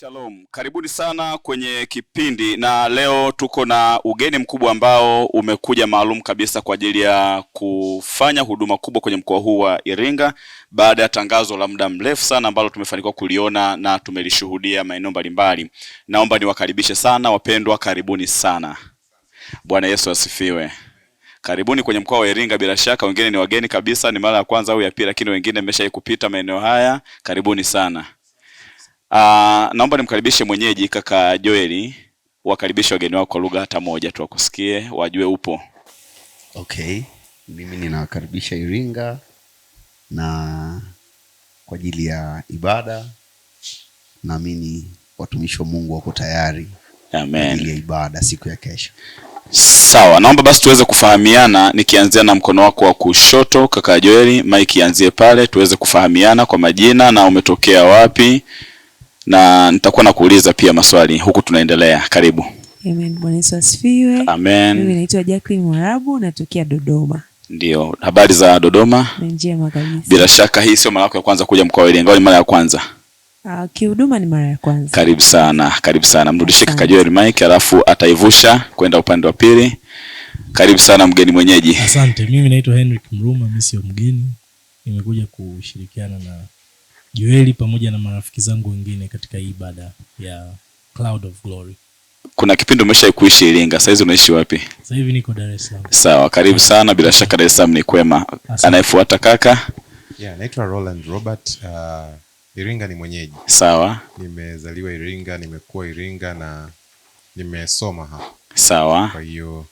Shalom, karibuni sana kwenye kipindi, na leo tuko na ugeni mkubwa ambao umekuja maalum kabisa kwa ajili ya kufanya huduma kubwa kwenye mkoa huu wa Iringa baada ya tangazo la muda mrefu sana ambalo tumefanikiwa kuliona na tumelishuhudia maeneo mbalimbali. Naomba niwakaribishe sana wapendwa, karibuni sana. Bwana Yesu asifiwe. Karibuni kwenye mkoa wa Iringa. Bila shaka wengine ni wageni kabisa, ni mara ya kwanza au ya pili, lakini wengine mmeshaikupita maeneo haya. Karibuni sana. Uh, naomba nimkaribishe mwenyeji kaka Joeli, wakaribishe wageni wako kwa lugha hata moja tu wakusikie, wajue upo. Okay, mimi ninawakaribisha Iringa na kwa ajili ya ibada, naamini watumishi wa Mungu wako tayari Amen. ya ibada siku ya kesho. Sawa, naomba basi tuweze kufahamiana, nikianzia na mkono wako wa kushoto kaka Joeli, mike ianzie pale, tuweze kufahamiana kwa majina na umetokea wapi na nitakuwa nakuuliza pia maswali huku tunaendelea. Karibu. Amen. Bwana Yesu asifiwe. Amen. Mimi naitwa Jacqueline Mwarabu natokea Dodoma. Ndio, habari za Dodoma? Njema kabisa. Bila shaka hii sio mara yako ya kwanza kuja mkoa wa Iringa, ni mara ya kwanza? Uh, ah, kihuduma ni mara ya kwanza. Karibu sana, karibu sana. Mrudishe kaka Joel Mike alafu ataivusha kwenda upande wa pili. Karibu sana mgeni mwenyeji. Asante. Mimi naitwa Henrik Mruma, mimi sio mgeni. Nimekuja kushirikiana na Joeli pamoja na marafiki zangu wengine katika ibada ya Cloud of Glory. Kuna kipindi umesha kuishi Iringa, saizi unaishi wapi? Sasa hivi niko Dar es Salaam. Sawa, karibu sana. Bila shaka Dar es Salaam ni kwema. Anayefuata kaka? Yeah, naitwa Roland Robert. Uh, Iringa ni mwenyeji. Sawa. Nimezaliwa Iringa, nimekuwa Iringa na nimesoma hapa. Sawa. Kwa hiyo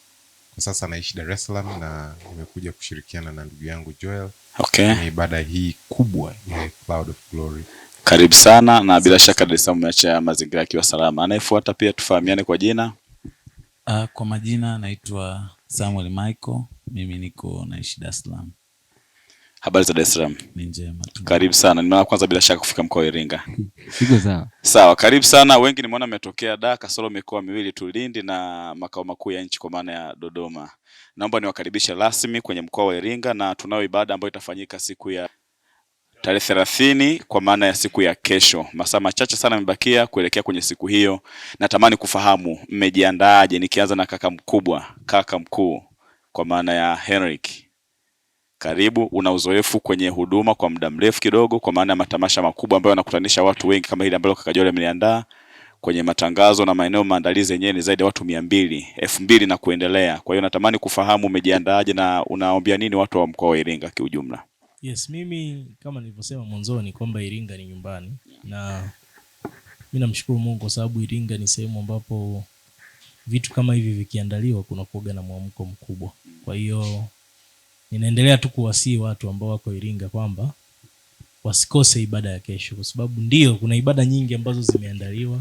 kwa sasa naishi Dar es Salaam na nimekuja kushirikiana na ndugu yangu Joel okay. ibada hii kubwa ya Cloud of Glory. Karibu sana na bila shaka Dar es umeacha mazingira yakiwa salama. Anayefuata pia tufahamiane kwa jina. Uh, kwa majina naitwa Samuel Michael, mimi niko naishi Dar es Salaam. Habari za Dar es Salaam? Ni njema. Karibu sana. Ni mara kwanza bila shaka kufika mkoa wa Iringa. Siko sawa. Sawa, karibu sana. Wengi nimeona mmetokea Dar, kasoro mikoa miwili tu, Lindi na makao makuu ya nchi kwa maana ya Dodoma. Naomba niwakaribishe rasmi kwenye mkoa wa Iringa na tunayo ibada ambayo itafanyika siku ya tarehe 30 kwa maana ya siku ya kesho. Masaa machache sana yamebakia kuelekea kwenye siku hiyo. Natamani kufahamu mmejiandaaje, nikianza na kaka mkubwa, kaka mkuu kwa maana ya Henrik. Karibu, una uzoefu kwenye huduma kwa muda mrefu kidogo, kwa maana ya matamasha makubwa ambayo yanakutanisha watu wengi kama hili ambalo kaka Jole ameliandaa kwenye matangazo na maeneo maandalizi yenyewe ni zaidi ya watu mia mbili elfu mbili na kuendelea. Kwa hiyo natamani kufahamu umejiandaaje na unaombia nini watu wa mkoa wa Iringa kiujumla? Yes, mimi kama nilivyosema mwanzoni kwamba Iringa ni nyumbani na mimi namshukuru Mungu kwa sababu Iringa ni sehemu ambapo vitu kama hivi vikiandaliwa kuna kuoga na mwamko mkubwa. Kwa hiyo ninaendelea tu kuwasii watu ambao wako Iringa kwamba wasikose ibada ya kesho, kwa sababu ndio kuna ibada nyingi ambazo zimeandaliwa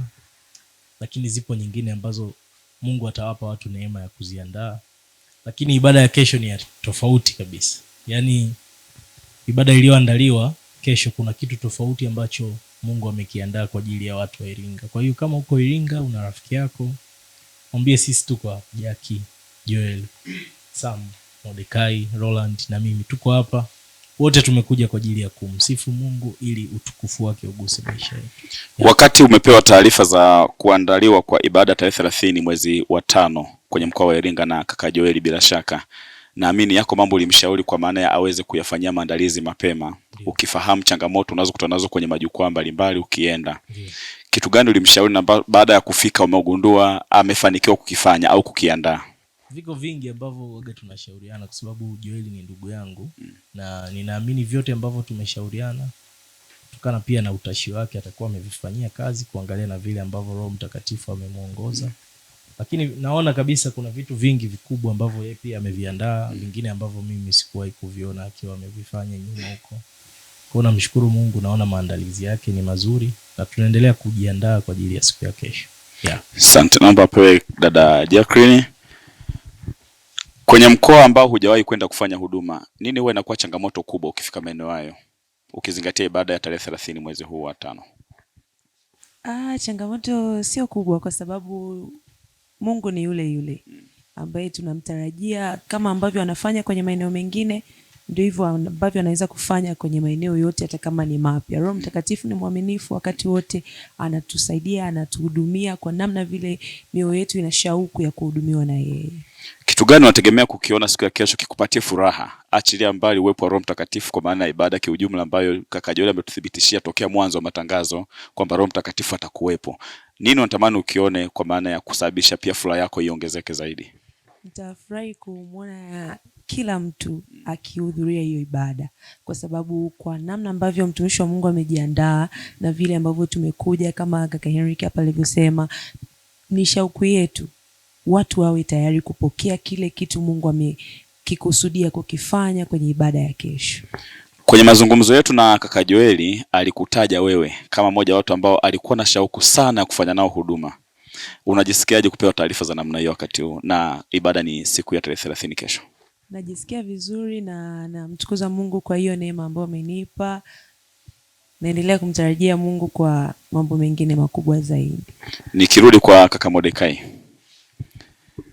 lakini zipo nyingine ambazo mungu atawapa watu neema ya kuziandaa lakini ibada ya kesho ni ya tofauti kabisa yaani ibada iliyoandaliwa kesho kuna kitu tofauti ambacho mungu amekiandaa kwa ajili ya watu wa iringa kwa hiyo kama uko iringa una rafiki yako mwambie sisi tuko hapa jaki joel sam modekai roland na mimi tuko hapa wote tumekuja kwa ajili ya kumsifu Mungu ili utukufu wake uguse maisha yetu. Wakati umepewa taarifa za kuandaliwa kwa ibada tarehe thelathini mwezi wa tano kwenye mkoa wa Iringa na kaka Joeli, bila shaka naamini yako mambo ulimshauri kwa maana ya aweze kuyafanyia maandalizi mapema yeah. Ukifahamu changamoto unazokutana nazo kwenye majukwaa mbalimbali ukienda yeah. Kitu gani ulimshauri na baada ya kufika umeugundua amefanikiwa kukifanya au kukiandaa? viko vingi ambavyo waga tunashauriana kwa sababu Joeli ni ndugu yangu mm. na ninaamini vyote ambavyo tumeshauriana kutokana pia na utashi wake atakuwa amevifanyia kazi kuangalia na vile ambavyo Roho Mtakatifu amemwongoza mm. lakini naona kabisa kuna vitu vingi vikubwa ambavyo yeye pia ameviandaa mm. vingine ambavyo mimi sikuwahi kuviona akiwa amevifanya nyuma huko kwao. Namshukuru Mungu, naona maandalizi yake ni mazuri na tunaendelea kujiandaa kwa ajili ya siku ya kesho. yeah. sante Naomba apewe dada Jacqueline. Kwenye mkoa ambao hujawahi kwenda kufanya huduma, nini huwa inakuwa changamoto kubwa ukifika maeneo hayo, ukizingatia ibada ya tarehe thelathini mwezi huu wa tano? Ah, changamoto sio kubwa kwa sababu Mungu ni yule yule hmm. ambaye tunamtarajia kama ambavyo anafanya kwenye maeneo mengine ndio hivyo ambavyo anaweza kufanya kwenye maeneo yote hata kama ni mapya. Roho Mtakatifu ni mwaminifu wakati wote, anatusaidia, anatuhudumia kwa namna vile mioyo yetu ina shauku ya kuhudumiwa na yeye. Kitu gani unategemea kukiona siku ya kesho kikupatie furaha, achilia mbali uwepo wa Roho Mtakatifu, kwa maana ya ibada kiujumla, ambayo kaka Joli ametuthibitishia tokea mwanzo wa matangazo kwamba Roho Mtakatifu atakuwepo. Nini unatamani ukione, kwa maana ya kusababisha pia furaha yako iongezeke zaidi? Nitafurahi kumwona kila mtu akihudhuria hiyo ibada, kwa sababu kwa namna ambavyo mtumishi wa Mungu amejiandaa na vile ambavyo tumekuja kama kaka Henrik hapa alivyosema, ni shauku yetu watu wawe tayari kupokea kile kitu Mungu amekikusudia kukifanya kwenye ibada ya kesho. Kwenye mazungumzo yetu na kaka Joeli alikutaja wewe kama mmoja watu ambao alikuwa na shauku sana ya kufanya nao huduma. Unajisikiaje kupewa taarifa za namna hiyo wakati huu na ibada ni siku ya tarehe thelathini kesho? Najisikia vizuri na namtukuza Mungu kwa hiyo neema ambayo amenipa. Naendelea kumtarajia Mungu kwa mambo mengine makubwa zaidi. Nikirudi kwa kaka Modekai,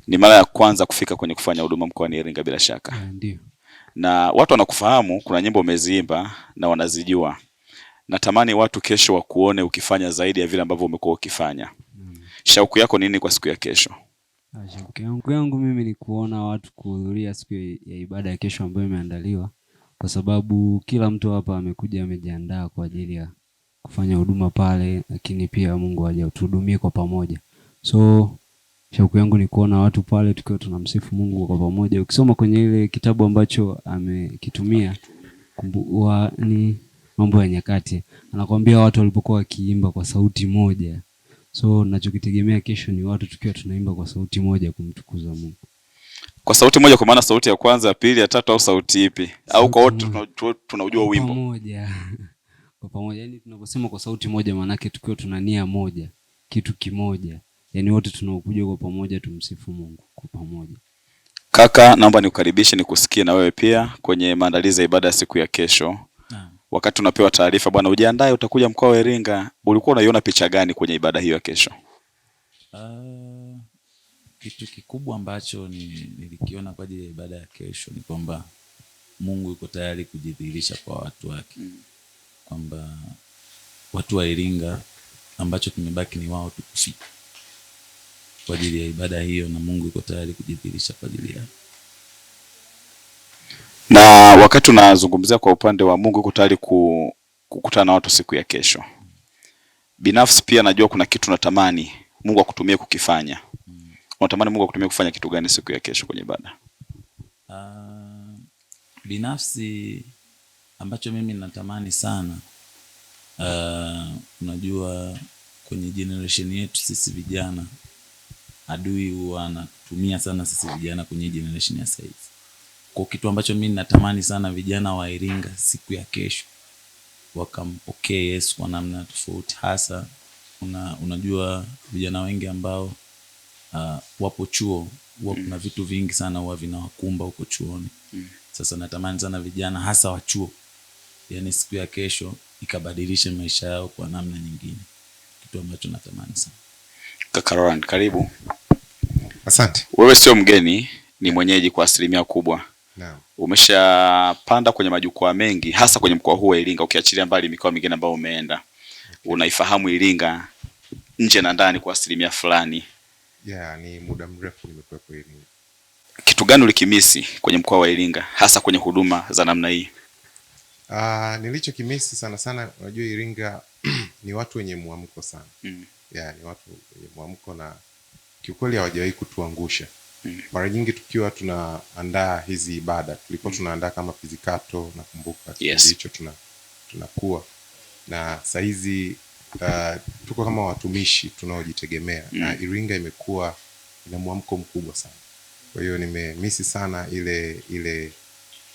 ni mara ya kwanza kufika kwenye kufanya huduma mkoani Iringa bila shaka. Ah, Ndiyo. Na watu wanakufahamu, kuna nyimbo umeziimba na wanazijua. Natamani watu kesho wakuone ukifanya zaidi ya vile ambavyo umekuwa ukifanya. Hmm. Shauku yako nini kwa siku ya kesho? Ah, shauku yangu yangu mimi ni kuona watu kuhudhuria siku ya ibada ya kesho ambayo imeandaliwa kwa sababu kila mtu hapa amekuja amejiandaa kwa ajili ya kufanya huduma pale, lakini pia Mungu aje utuhudumie kwa pamoja. So shauku yangu ni kuona watu pale tukiwa tunamsifu Mungu kwa pamoja. Ukisoma kwenye ile kitabu ambacho amekitumia kumbua, ni Mambo ya Nyakati, anakuambia watu walipokuwa wakiimba kwa sauti moja. So nachokitegemea kesho ni watu tukiwa tunaimba kwa sauti moja kumtukuza Mungu kwa sauti moja, kwa maana sauti ya kwanza, ya pili, ya tatu, au sauti ipi? Au kwa wote tunaujua wimbo moja kwa pamoja? Yani tunaposema kwa sauti moja, maanake tukiwa tuna nia moja, kitu kimoja yani wote tunaokuja kwa pamoja tumsifu Mungu kwa pamoja. Kaka, naomba nikukaribishe nikusikie na wewe pia kwenye maandalizi ya ibada ya siku ya kesho. na. Wakati unapewa taarifa bwana, ujiandae utakuja mkoa wa Iringa, ulikuwa unaiona picha gani kwenye ibada hiyo ya kesho? Uh, kitu kikubwa ambacho nilikiona kwa ajili ya ibada ya kesho ni kwamba Mungu yuko tayari kujidhihirisha kwa watu wake, mm. kwamba watu wa Iringa ambacho kimebaki ni wao tukufika kwa ajili ya ibada hiyo, na Mungu yuko tayari kujidhihirisha kwa ajili yao. Na wakati unazungumzia kwa upande wa Mungu yuko tayari kukutana na watu siku ya kesho, binafsi pia najua kuna kitu natamani Mungu akutumie kukifanya. Unatamani Mungu akutumie kufanya kitu gani siku ya kesho kwenye ibada? Uh, binafsi ambacho mimi natamani sana uh, unajua kwenye generation yetu sisi vijana adui huwa anatumia sana sisi vijana kwenye generation ya sasa hivi. Kwa kitu ambacho mimi natamani sana vijana wa Iringa siku ya kesho wakampokee okay, Yesu kwa namna tofauti, hasa una, unajua vijana wengi ambao uh, wapo chuo huwa kuna mm. vitu vingi sana huwa vinawakumba huko chuoni. mm. Sasa natamani sana vijana hasa wa chuo, yani siku ya kesho ikabadilishe maisha yao kwa namna nyingine, kitu ambacho natamani sana. Kakaroran, Roland, karibu. Asante. Wewe sio mgeni, ni mwenyeji kwa asilimia kubwa. Naam. Umeshapanda kwenye majukwaa mengi hasa kwenye mkoa huu wa Iringa ukiachilia mbali mikoa mingine ambayo umeenda. Okay. Unaifahamu Iringa nje na ndani kwa asilimia fulani. Yeah, ni muda mrefu nimekuwa kwa Iringa. Kitu gani ulikimisi kwenye mkoa wa Iringa hasa kwenye huduma za namna hii? Ah, Uh, nilichokimisi sana sana, unajua Iringa ni watu wenye mwamko sana. Mm. Yeah, ni watu wenye mwamko na kiukweli hawajawahi kutuangusha. Mm. Mara nyingi tukiwa tunaandaa hizi ibada tulikuwa mm. tunaandaa kama pizikato nakumbuka yes. hicho tuna na sahizi uh, tuko kama watumishi tunaojitegemea mm. na hmm. Iringa imekuwa ina mwamko mkubwa sana, kwa hiyo nimemisi sana ile ile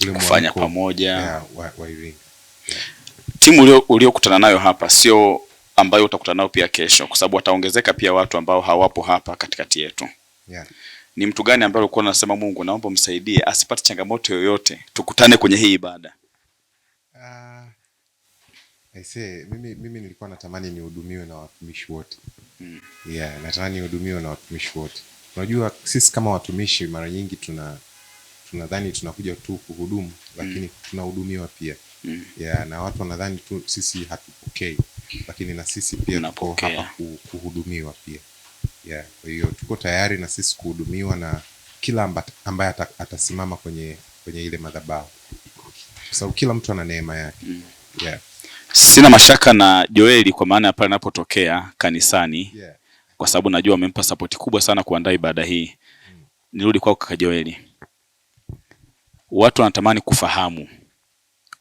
ule kufanya pamoja wa, wa Iringa yeah. Timu uliokutana ulio nayo hapa sio ambayo utakutana nao pia kesho, kwa sababu wataongezeka pia watu ambao hawapo hapa katikati yetu. Yeah. Ni mtu gani ambaye ulikuwa unasema Mungu, naomba msaidie asipate changamoto yoyote, tukutane kwenye hii ibada? Uh, say, mimi, mimi nilikuwa natamani nihudumiwe na watumishi wote. Mm. Yeah, natamani nihudumiwe na watumishi wote. Unajua sisi kama watumishi mara nyingi tuna tunadhani tunakuja tu kuhudumu, hmm. lakini mm. tunahudumiwa pia. Mm. Yeah, na watu wanadhani tu sisi hatupokei lakini na sisi pia tuko hapa kuhudumiwa pia yeah. Kwa hiyo tuko tayari na sisi kuhudumiwa na kila ambaye atasimama kwenye, kwenye ile madhabahu kwa sababu kila mtu ana neema yake mm. yeah. Sina mashaka na Joeli kwa maana ya pale anapotokea kanisani yeah. Kwa sababu najua amempa sapoti kubwa sana kuandaa ibada hii mm. Nirudi kwako kaka Joeli, watu wanatamani kufahamu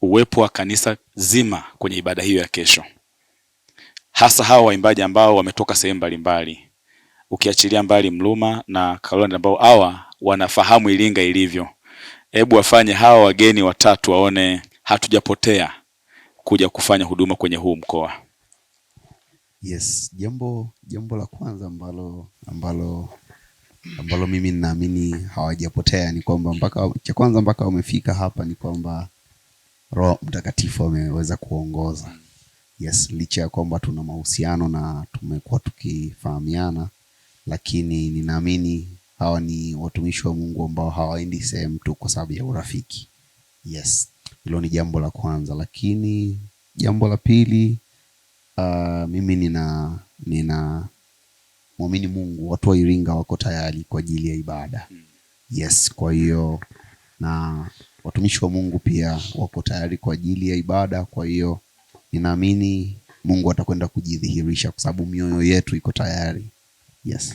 uwepo wa kanisa zima kwenye ibada hiyo ya kesho hasa hawa waimbaji ambao wametoka sehemu mbalimbali, ukiachilia mbali Mluma na Kalolandi ambao hawa wanafahamu Iringa ilivyo. Hebu wafanye hawa wageni watatu waone hatujapotea kuja kufanya huduma kwenye huu mkoa. Yes, jambo jambo la kwanza ambalo ambalo ambalo mimi ninaamini hawajapotea ni kwamba mpaka cha kwanza mpaka wamefika hapa ni kwamba Roho Mtakatifu ameweza kuongoza yes, licha ya kwamba tuna mahusiano na tumekuwa tukifahamiana, lakini ninaamini hawa ni watumishi wa Mungu ambao hawaendi sehemu tu kwa sababu ya urafiki. Yes, hilo ni jambo la kwanza, lakini jambo la pili uh, mimi nina nina mwamini Mungu, watu wa Iringa wako tayari kwa ajili ya ibada. Yes, kwa hiyo na watumishi wa Mungu pia wako tayari kwa ajili ya ibada. Kwa hiyo ninaamini Mungu atakwenda kujidhihirisha kwa sababu mioyo yetu iko tayari. Yes.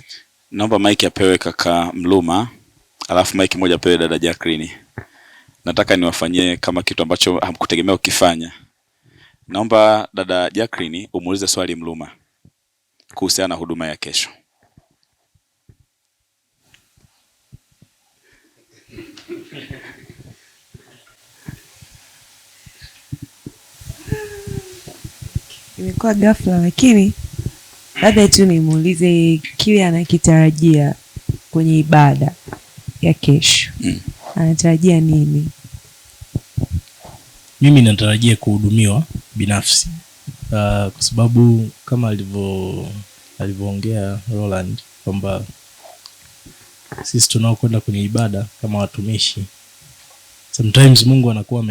Naomba mike apewe kaka Mluma, alafu mike moja apewe dada Jacqueline. Nataka niwafanyie kama kitu ambacho hamkutegemea ukifanya. Naomba dada Jacqueline umuulize swali Mluma kuhusiana na huduma ya kesho. imekuwa ghafla, lakini labda tu nimuulize kile anakitarajia kwenye ibada ya kesho mm. Anatarajia nini? Mimi natarajia kuhudumiwa binafsi uh, kwa sababu kama alivyo alivyoongea Roland kwamba sisi tunaokwenda kwenye ibada kama watumishi sometimes Mungu anakuwa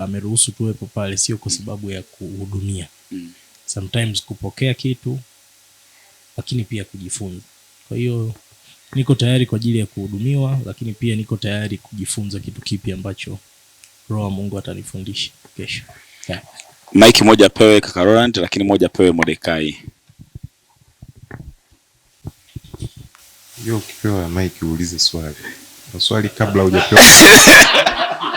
ameruhusu tuwepo pale, sio kwa sababu ya kuhudumia mm sometimes kupokea kitu, lakini pia kujifunza. Kwa hiyo niko tayari kwa ajili ya kuhudumiwa, lakini pia niko tayari kujifunza kitu kipi ambacho Roho wa Mungu atanifundisha kesho. Yeah. Mike moja pewe kaka Roland, lakini moja pewe Mordekai. Ukipewa mike uulize swali, swali kabla hujapewa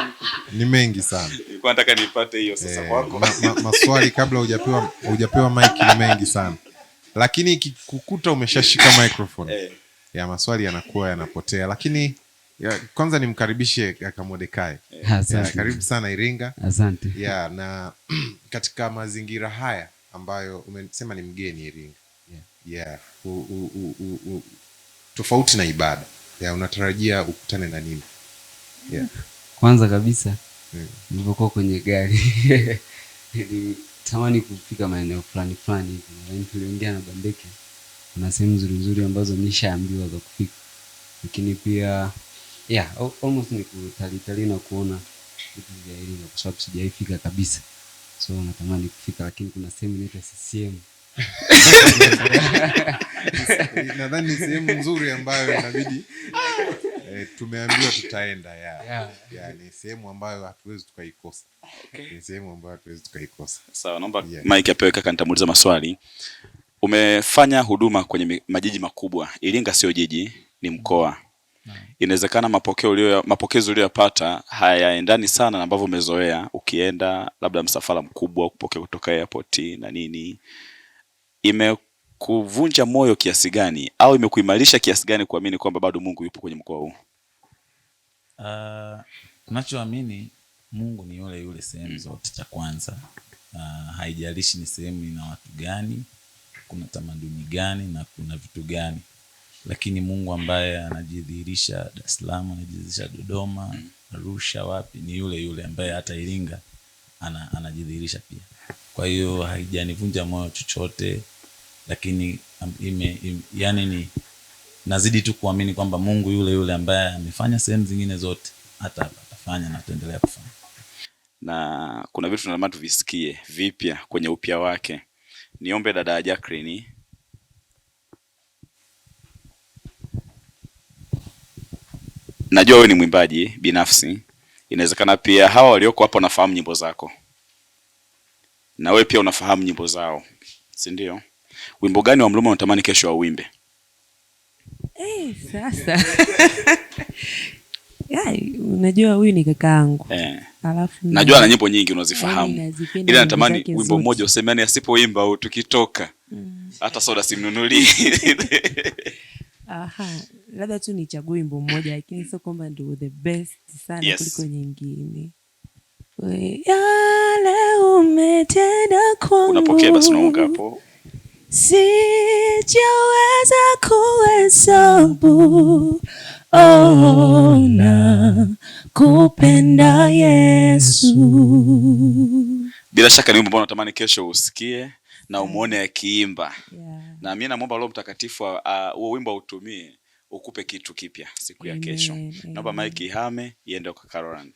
ni mengi sana. Nilikuwa nataka nipate hiyo sasa eh, kwako ma, ma, maswali kabla hujapewa hujapewa mic ni mengi sana, lakini ikikukuta umeshashika microphone eh. ya maswali yanakuwa yanapotea, lakini ya, kwanza nimkaribishe kaka Modekai. Eh. Karibu sana Iringa. Asante. Ya, na katika mazingira haya ambayo umesema ni mgeni Iringa yeah. Yeah. U, u, u, u, u, tofauti na ibada ya, unatarajia ukutane na nini? yeah. Kwanza kabisa mm. nilipokuwa kwenye gari nilitamani kufika maeneo fulani fulani hivi, yaani tuliongea na Bandeke, kuna sehemu nzuri nzuri ambazo nishaambiwa za kufika, lakini pia yeah, almost ni kutalitali na kuona vitu vya elimu kwa sababu sijaifika kabisa, so natamani kufika, lakini kuna sehemu inaitwa CCM nadhani ni sehemu nzuri ambayo inabidi eh, tumeambiwa tutaenda ya. Yeah. Yeah, ni sehemu ambayo hatuwezi tukaikosa. Okay. Ni sehemu ambayo hatuwezi tukaikosa. Sawa, naomba yeah. Mike kaka nitamuuliza maswali. Umefanya huduma kwenye majiji makubwa. ilinga sio jiji, ni mkoa. Inawezekana mapokeo ulio mapokezi uliyopata hayaendani sana na ambavyo umezoea, ukienda labda msafara mkubwa kupokea kutoka airport na nini ime imekuvunja moyo kiasi gani au imekuimarisha kiasi gani kuamini kwamba bado Mungu yupo kwenye mkoa huu? Uh, Mungu ni yule yule sehemu zote. Cha kwanza, uh, haijalishi ni sehemu ina watu gani, kuna tamaduni gani na kuna vitu gani, lakini Mungu ambaye anajidhihirisha Dar es Salaam, anajidhihirisha Dodoma, Arusha, wapi, ni yule yule ambaye hata Iringa ana, anajidhihirisha pia. Kwa hiyo haijanivunja moyo chochote lakini ime, ime, yani ni nazidi tu kuamini kwamba Mungu yule yule ambaye amefanya sehemu zingine zote hata atafanya na ataendelea kufanya. Na kuna vitu tunalama tuvisikie vipya kwenye upya wake. Niombe dada ya Jacqueline Najua wewe ni mwimbaji binafsi, inawezekana pia hawa walioko hapo wanafahamu nyimbo zako na wewe pia unafahamu nyimbo zao, si ndio? wimbo gani wa Mruma unatamani kesho wa auimbe? Eh, sasa ya, yaani, unajua huyu ni kakaangu eh. Alafu ni... najua na nyimbo nyingi unazifahamu, yeah, ila natamani wimbo mmoja useme, yani asipoimba au tukitoka mm. hata mm, soda simnunuli Aha, labda tu nichague wimbo mmoja lakini sio kwamba ndio the best sana yes, kuliko nyingine. Yale umetenda kwangu, unapokea basi unaunga hapo sijaweza kuhesabu oh, kupenda Yesu. Bila shaka ni wimbo ambao natamani kesho usikie na umwone akiimba yeah. Na mimi namwomba Roho Mtakatifu huo uh, wimbo utumie ukupe kitu kipya siku ya kesho. Naomba maiki ihame iende kwa Caroline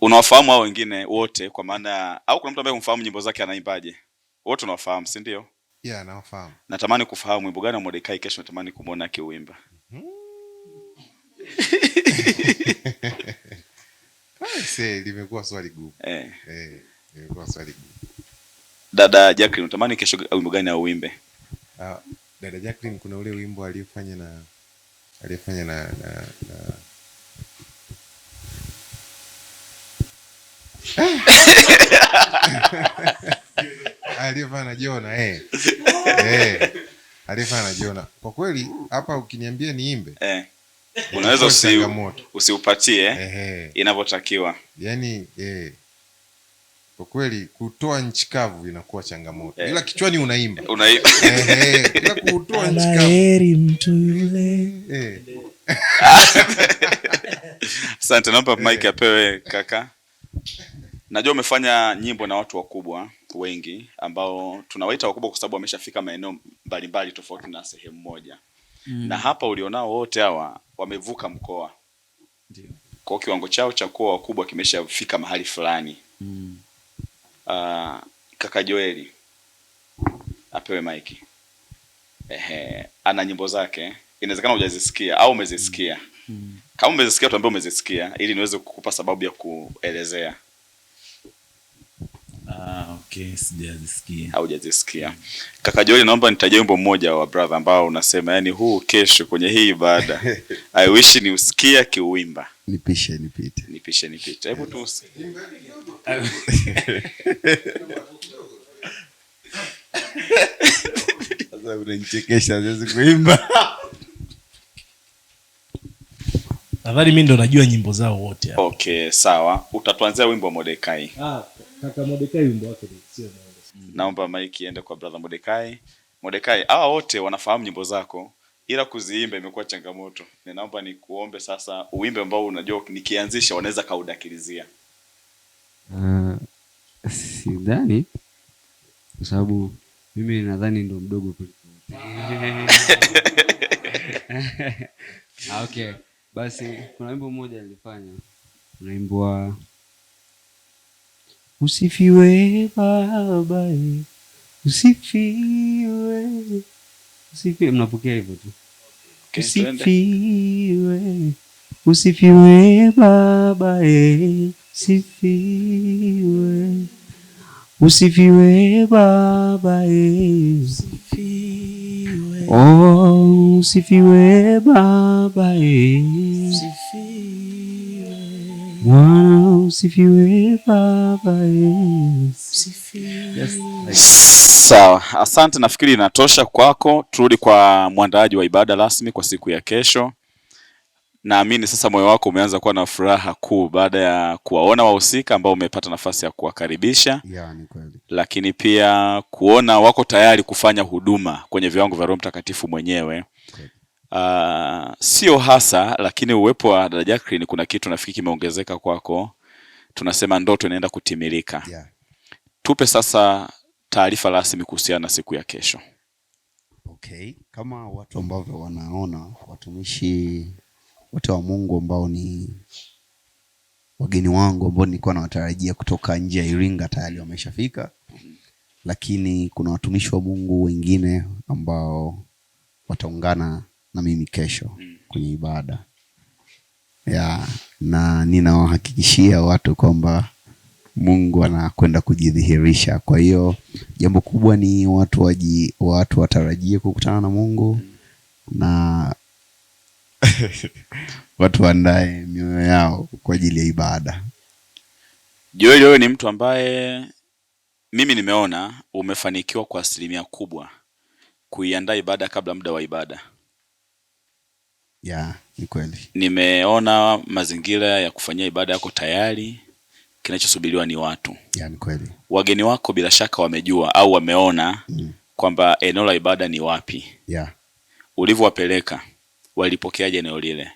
unawafahamu hao wengine wote kwa maana, au kuna mtu ambaye humfahamu nyimbo zake anaimbaje? Wote unawafahamu, si ndio? Yeah, nawafahamu. Natamani kufahamu wimbo gani wa Mordekai kesho, natamani kumwona akiuimba. Hmm. limekuwa swali gumu eh. Eh, limekuwa swali gumu. Dada Jacqueline, unatamani kesho wimbo gani auimbe? Uh, dada Jacqueline, kuna ule wimbo aliyofanya na aliyofanya na, na, na Ah, aliyefanya na Jona eh. Eh. Aliyefanya na Jona. Kwa kweli hapa ukiniambia niimbe eh. Unaweza usi, usiupatie eh, inavyotakiwa. yani eh. Kwa kweli kutoa nchi kavu inakuwa changamoto. Eh. Ila kichwani unaimba. Unaimba. Eh, ila kutoa nchi kavu. Heri mtu yule. Eh. Asante, naomba mike eh. apewe kaka. Najua umefanya nyimbo na watu wakubwa wengi ambao tunawaita wakubwa kwa sababu wameshafika maeneo mbalimbali tofauti na sehemu moja mm. na hapa ulionao wote hawa wamevuka mkoa, kwa kiwango chao cha kuwa wakubwa kimeshafika mahali fulani mm. Uh, kaka Joeli apewe maiki. Ehe, ana nyimbo zake, inawezekana hujazisikia au umezisikia mm. mm. kama umezisikia tuambie umezisikia, ili niweze kukupa sababu ya kuelezea Ah, okay, sijazisikia. Haujazisikia. Kaka Joel, naomba nitaje wimbo mmoja wa brother ambao unasema yani huu kesho kwenye hii ibada. I wish ni usikia kiuimba. Nipishe nipite. Nipishe nipite. Hebu tu Sasa unanichekesha siwezi kuimba. Nadhani mimi ndo najua nyimbo zao wote. Okay, sawa. Utatuanzia wimbo wa Mordekai. Ah, kaka Mordekai wimbo wake sio naomba. Naomba maiki iende kwa brother Mordekai. Mordekai, hawa wote wanafahamu nyimbo zako ila kuziimba imekuwa changamoto. Ninaomba nikuombe sasa uimbe ambao unajua nikianzisha wanaweza kaudakilizia. Uh, sidhani kwa sababu mimi nadhani ndo mdogo kuliko ah, okay. Basi kuna wimbo mmoja nilifanya, unaimba Usifiwe baba, usifiwe, usifiwe. Mnapokea hivyo tu, usifiwe, usifiwe baba, usifiwe, usifiwe baba, usifiwe, oh, usifiwe baba, usifiwe Bwana usifiwe, Baba Sawa, asante, nafikiri inatosha kwako. Turudi kwa mwandaaji wa ibada rasmi kwa siku ya kesho. Naamini sasa moyo wako umeanza kuwa na furaha kuu baada ya kuwaona wahusika ambao umepata nafasi ya kuwakaribisha lakini pia kuona wako tayari kufanya huduma kwenye viwango vya Roho Mtakatifu mwenyewe. Uh, sio hasa lakini uwepo wa dada Jacqueline kuna kitu nafikiri kimeongezeka kwako, tunasema ndoto inaenda kutimilika yeah. Tupe sasa taarifa rasmi kuhusiana na siku ya kesho. Okay, kama watu ambavyo wanaona watumishi wote wa Mungu ambao ni wageni wangu ambao nilikuwa nawatarajia kutoka nje ya Iringa tayari wameshafika, lakini kuna watumishi wa Mungu wengine ambao wataungana na mimi kesho mm. kwenye ibada ya, na ninawahakikishia watu kwamba Mungu anakwenda kujidhihirisha. Kwa hiyo jambo kubwa ni watu waji, watu watarajie kukutana na Mungu mm. na watu waandae mioyo yao kwa ajili ya ibada. Joel, wewe ni mtu ambaye mimi nimeona umefanikiwa kwa asilimia kubwa kuiandaa ibada kabla muda wa ibada yeah, ni kweli. Nimeona mazingira ya kufanyia ibada yako tayari, kinachosubiriwa ni watu. Yeah, ni kweli. Wageni wako bila shaka wamejua au wameona mm. kwamba eneo la ibada ni wapi. Yeah. Ulivyowapeleka walipokeaje eneo lile?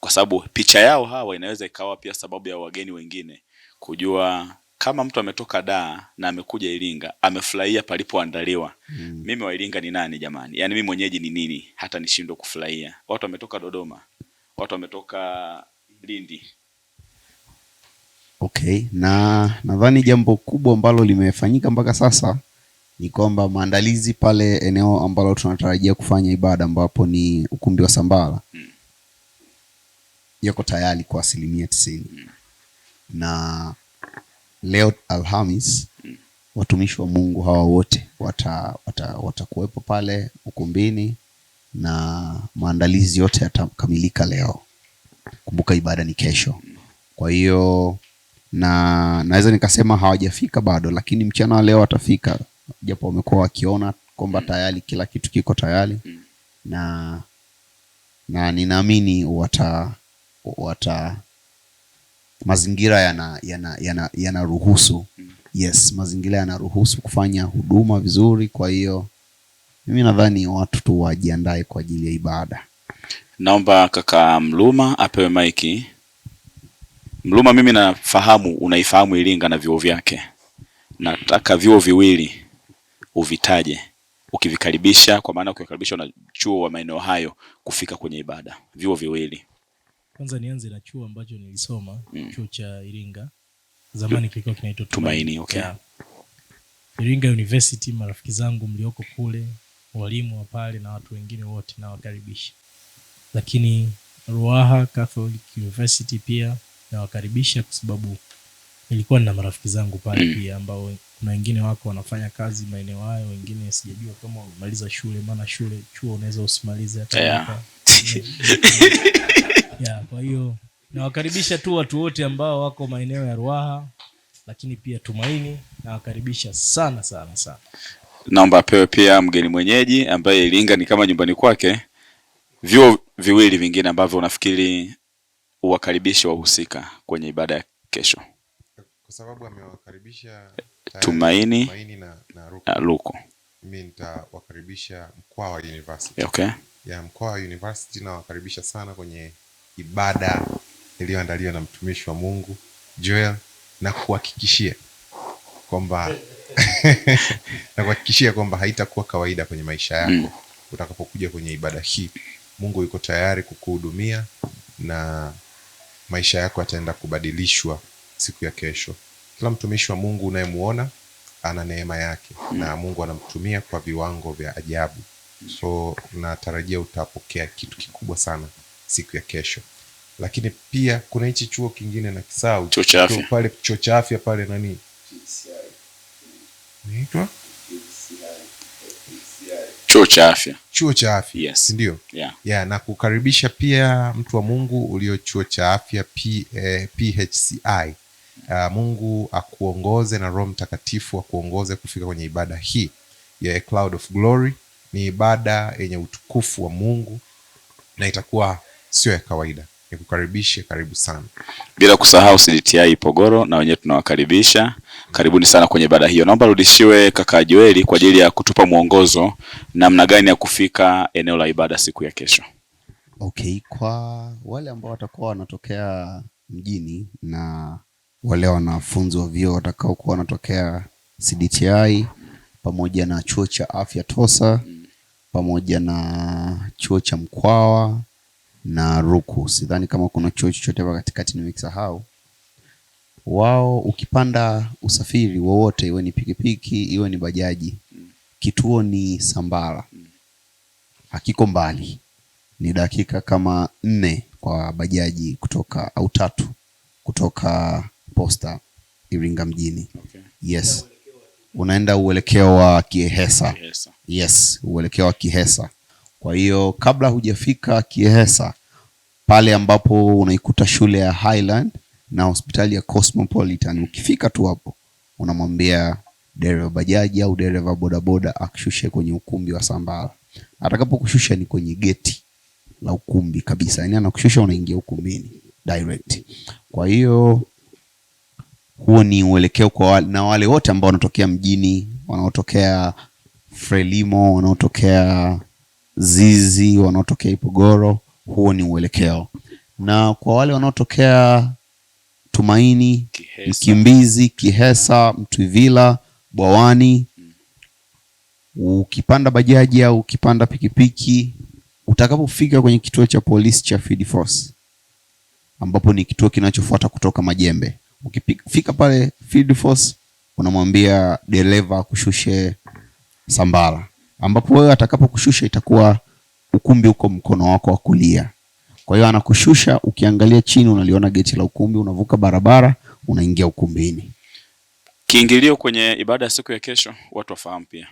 Kwa sababu picha yao hawa inaweza ikawa pia sababu ya wageni wengine kujua kama mtu ametoka daa na amekuja Iringa, amefurahia palipoandaliwa mm. Mimi wa ni nani jamani? Yaani mimi mwenyeji ni nini hata nishindwe kufurahia? Watu wametoka Dodoma, watu wametoka Lindi. Okay, na nadhani jambo kubwa ambalo limefanyika mpaka sasa ni kwamba maandalizi pale eneo ambalo tunatarajia kufanya ibada ambapo ni ukumbi wa Sambala mm. yako tayari kwa asilimia tisini mm. na leo Alhamis watumishi wa Mungu hawa wote watakuwepo wata, wata pale ukumbini na maandalizi yote yatakamilika leo. Kumbuka ibada ni kesho, kwa hiyo na naweza nikasema hawajafika bado, lakini mchana wa leo watafika, japo wamekuwa wakiona kwamba tayari kila kitu kiko tayari na na ninaamini wata wata mazingira yanaruhusu yana, yana, yana yes, mazingira yanaruhusu kufanya huduma vizuri. Kwa hiyo mimi nadhani watu tu wajiandae kwa ajili ya ibada. Naomba kaka Mluma apewe maiki. Mluma, mimi nafahamu unaifahamu Iringa na vyuo vyake, nataka vyuo viwili uvitaje ukivikaribisha, kwa maana ukiwakaribisha chuo wa maeneo hayo kufika kwenye ibada, vyuo viwili. Kwanza nianze na chuo ambacho nilisoma mm. chuo cha Iringa zamani kilikuwa kinaitwa Tumaini, okay. Iringa University, marafiki zangu mlioko kule, walimu wa pale na watu wengine wote nawakaribisha, lakini Ruaha Catholic University pia nawakaribisha kwa sababu nilikuwa nina marafiki zangu pale mm. pia ambao kuna wengine wako wanafanya kazi maeneo hayo, wengine sijajua kama wamemaliza shule, maana shule chuo unaweza usimalize hata yeah, kwa hiyo nawakaribisha tu watu wote ambao wako maeneo ya Ruaha lakini pia Tumaini, nawakaribisha sana sana sana. Naomba apewe pia mgeni mwenyeji ambaye Iringa ni kama nyumbani kwake, vyuo viwili vingine ambavyo unafikiri uwakaribishe wahusika kwenye ibada ya kesho, kwa sababu amewakaribisha Tumaini, Tumaini na, na Ruko. na ruko. Mimi nitawakaribisha mkoa wa University. Okay. Ya mkoa wa University nawakaribisha sana kwenye ibada iliyoandaliwa na mtumishi wa Mungu Joel na kuhakikishia kwamba na kuhakikishia kwamba haitakuwa kawaida kwenye maisha yako mm. Utakapokuja kwenye ibada hii, Mungu yuko tayari kukuhudumia na maisha yako yataenda kubadilishwa siku ya kesho. Kila mtumishi wa Mungu unayemuona ana neema yake mm. na Mungu anamtumia kwa viwango vya ajabu, so natarajia utapokea kitu kikubwa sana siku ya kesho lakini pia kuna hichi chuo kingine na kisau cha afya pale, chuo cha afya pale nani naitwa chuo cha afya, chuo cha afya yes. Ndio yeah. Yeah, na kukaribisha pia mtu wa Mungu ulio chuo cha afya P, eh, PHCI uh, ah, Mungu akuongoze na Roho Mtakatifu akuongoze kufika kwenye ibada hii ya yeah, Cloud of Glory. Ni ibada yenye utukufu wa Mungu na itakuwa sio ya kawaida nikukaribishe karibu sana, bila kusahau CDTI Ipogoro na wenyewe tunawakaribisha. Karibuni sana kwenye ibada hiyo. Naomba rudishiwe kaka Joeli kwa ajili ya kutupa mwongozo namna gani ya kufika eneo la ibada siku ya kesho. Okay, kwa wale ambao watakuwa wanatokea mjini na wale wanafunzi wa vyuo watakaokuwa wanatokea CDTI pamoja na chuo cha afya Tosa pamoja na chuo cha Mkwawa na Ruku. Sidhani kama kuna chuo chochote hapa katikati nimekisahau. Wao ukipanda usafiri wowote, iwe ni pikipiki, iwe ni bajaji, kituo ni Sambala, hakiko mbali, ni dakika kama nne kwa bajaji kutoka au tatu kutoka Posta Iringa mjini. Okay. Yes, unaenda uelekeo wa Kihesa. Yes, uelekeo wa Kihesa kwa hiyo kabla hujafika Kiehesa pale ambapo unaikuta shule ya Highland na hospitali ya Cosmopolitan, ukifika tu hapo unamwambia dereva bajaji au dereva bodaboda akushushe kwenye ukumbi wa Sambala. Atakapokushusha ni kwenye geti la ukumbi kabisa, yani anakushusha unaingia ukumbini direct. Kwa hiyo huo ni uelekeo kwa wale, na wale wote ambao wanatokea mjini, wanaotokea Frelimo, wanaotokea Zizi, wanaotokea Ipogoro, huo ni uelekeo. Na kwa wale wanaotokea Tumaini, Mkimbizi, Kihesa, Mtwivila, Bwawani, ukipanda bajaji au ukipanda pikipiki, utakapofika kwenye kituo cha polisi cha Field Force ambapo ni kituo kinachofuata kutoka Majembe, ukifika pale Field Force unamwambia dereva kushushe Sambara ambapo wewe atakapokushusha itakuwa ukumbi uko mkono wako wa kulia. Kwa hiyo anakushusha, ukiangalia chini unaliona geti la ukumbi, unavuka barabara, unaingia ukumbini. Kiingilio kwenye ibada ya siku ya kesho, watu wafahamu pia.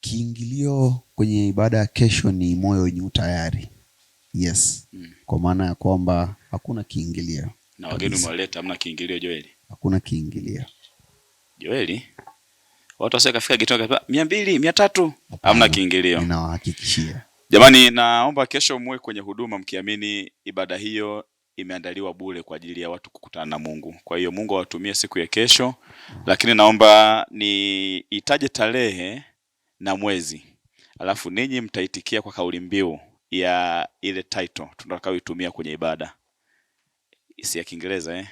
Kiingilio kwenye ibada ya kesho ni moyo wenye utayari. Yes. Mm. Kwa maana ya kwamba hakuna kiingilio. Na wageni umewaleta, hamna kiingilio Joeli? Hakuna kiingilio. Joeli? watu wasio kafika Geita mia mbili mia tatu hamna kiingilio. Ninawahakikishia jamani, naomba kesho muwe kwenye huduma mkiamini ibada hiyo imeandaliwa bure kwa ajili ya watu kukutana na Mungu. Kwa hiyo Mungu awatumie siku ya kesho, lakini naomba niitaje tarehe na mwezi, alafu ninyi mtaitikia kwa kauli mbiu ya ile title tutakayoitumia kwenye ibada, si ya Kiingereza eh?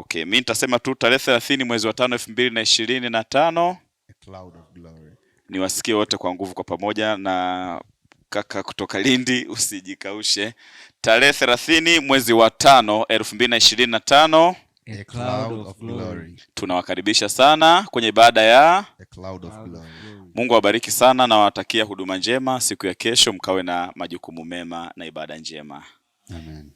Okay, mi nitasema tu tarehe thelathini mwezi wa 5 2025. na tano ni wasikie wote kwa nguvu kwa pamoja na kaka kutoka Lindi usijikaushe. Tarehe thelathini mwezi wa tano 2025. a cloud of glory. tunawakaribisha sana kwenye ibada ya A Cloud of Glory. Mungu awabariki sana na watakia huduma njema siku ya kesho, mkawe na majukumu mema na ibada njema Amen.